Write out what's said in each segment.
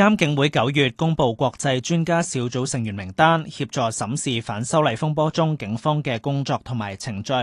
監警會九月公布國際專家小組成員名單，協助審視反修例風波中警方嘅工作同埋程序。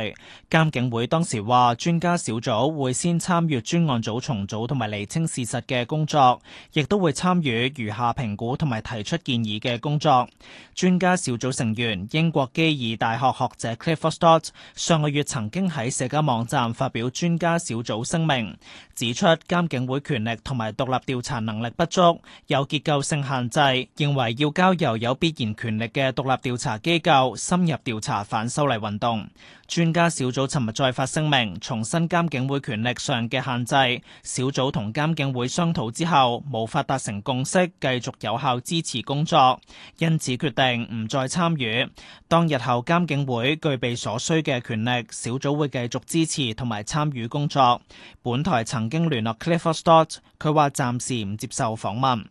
監警會當時話，專家小組會先參與專案組重組同埋厘清事實嘅工作，亦都會參與餘下評估同埋提出建議嘅工作。專家小組成員英國基爾大學學者 Cliff Stott 上個月曾經喺社交網站發表專家小組聲明，指出監警會權力同埋獨立調查能力不足。有結構性限制，認為要交由有必然權力嘅獨立調查機構深入調查反修例運動。專家小組尋日再發聲明，重申監警會權力上嘅限制。小組同監警會商討之後，無法達成共識，繼續有效支持工作，因此決定唔再參與。當日後監警會具備所需嘅權力，小組會繼續支持同埋參與工作。本台曾經聯絡 Clifford Stott，佢話暫時唔接受訪問。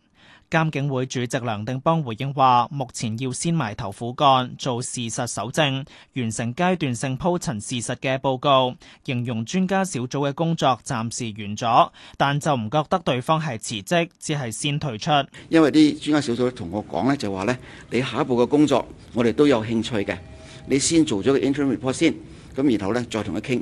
監警會主席梁定邦回應話：目前要先埋頭苦幹，做事實搜證，完成階段性鋪陳事實嘅報告，形容專家小組嘅工作暫時完咗，但就唔覺得對方係辭職，只係先退出。因為啲專家小組同我講咧，就話咧，你下一步嘅工作我哋都有興趣嘅，你先做咗個 interim report 先，咁然後咧再同佢傾。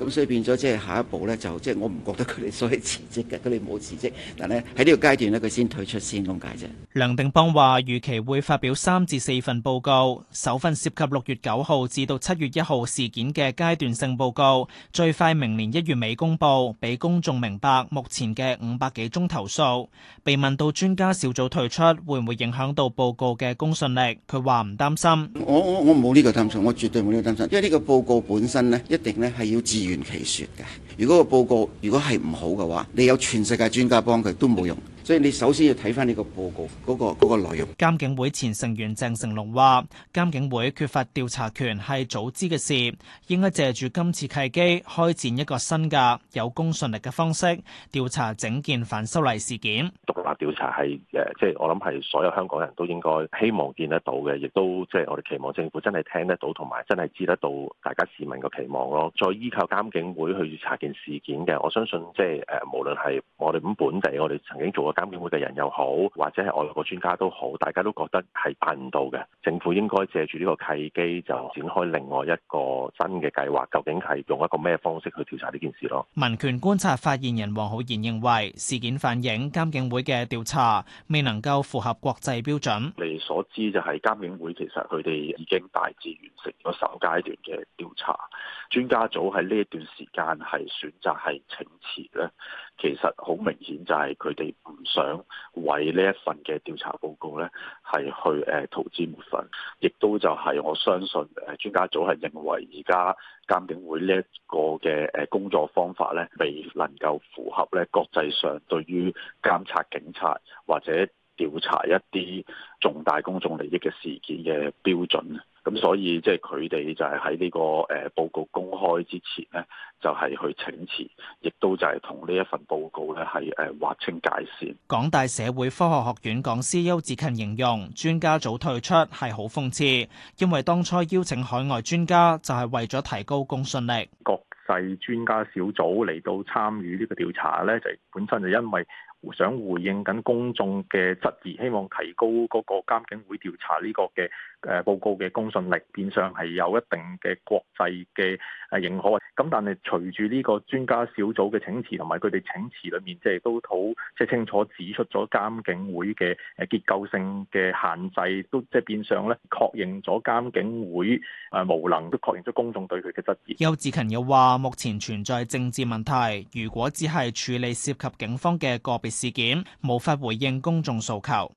咁所以變咗即係下一步咧，就即係我唔覺得佢哋所以辭職嘅，佢哋冇辭職，但係咧喺呢個階段咧，佢先退出先咁解啫。梁定邦話預期會發表三至四份報告，首份涉及六月九號至到七月一號事件嘅階段性報告，最快明年一月尾公布，俾公眾明白目前嘅五百幾宗投訴。被問到專家小組退出會唔會影響到報告嘅公信力，佢話唔擔心。我我我冇呢個擔心，我絕對冇呢個擔心，因為呢個報告本身咧一定咧係要自言其說嘅，如果個報告如果係唔好嘅話，你有全世界專家幫佢都冇用。所以你首先要睇翻呢個報告，嗰個嗰個內容。監警會前成員鄭成龍話監警會缺乏調查權係早知嘅事，應該借住今次契機開展一個新噶有公信力嘅方式，調查整件反修例事件。獨立調查係誒即係我諗係所有香港人都應該希望見得到嘅，亦都即係我哋期望政府真係聽得到同埋真係知得到大家市民嘅期望咯。再依靠監警會去查件事件嘅，我相信即係誒無論係我哋咁本地，我哋曾經做。監警會嘅人又好，或者係外國專家都好，大家都覺得係辦唔到嘅。政府應該借住呢個契機，就展開另外一個新嘅計劃。究竟係用一個咩方式去調查呢件事咯？民權觀察發言人王浩賢認為，事件反映監警會嘅調查未能夠符合國際標準。你所知就係監警會其實佢哋已經大致完成咗首階段嘅調查，專家組喺呢一段時間係選擇係請辭咧。其實好明顯就係佢哋唔想為呢一份嘅調查報告呢係去誒塗脂抹粉，亦都就係我相信誒專家組係認為而家監警會呢一個嘅誒工作方法呢，未能夠符合呢國際上對於監察警察或者調查一啲重大公眾利益嘅事件嘅標準。咁所以即係佢哋就係喺呢個誒報告公開之前咧，就係去請辭，亦都就係同呢一份報告咧係誒劃清界線。港大社會科學學院講師邱志勤形容專家組退出係好諷刺，因為當初邀請海外專家就係為咗提高公信力。國際專家小組嚟到參與呢個調查咧，就本身就因為。想回應緊公眾嘅質疑，希望提高嗰個監警會調查呢個嘅誒報告嘅公信力，變相係有一定嘅國際嘅誒認可。咁但係隨住呢個專家小組嘅請辭同埋佢哋請辭裏面，即係都好即係清楚指出咗監警會嘅誒結構性嘅限制，都即係變相咧確認咗監警會誒無能，都確認咗公眾對佢嘅質疑。邱志勤又話目前存在政治問題，如果只係處理涉及警方嘅個別事件無法回應公眾訴求。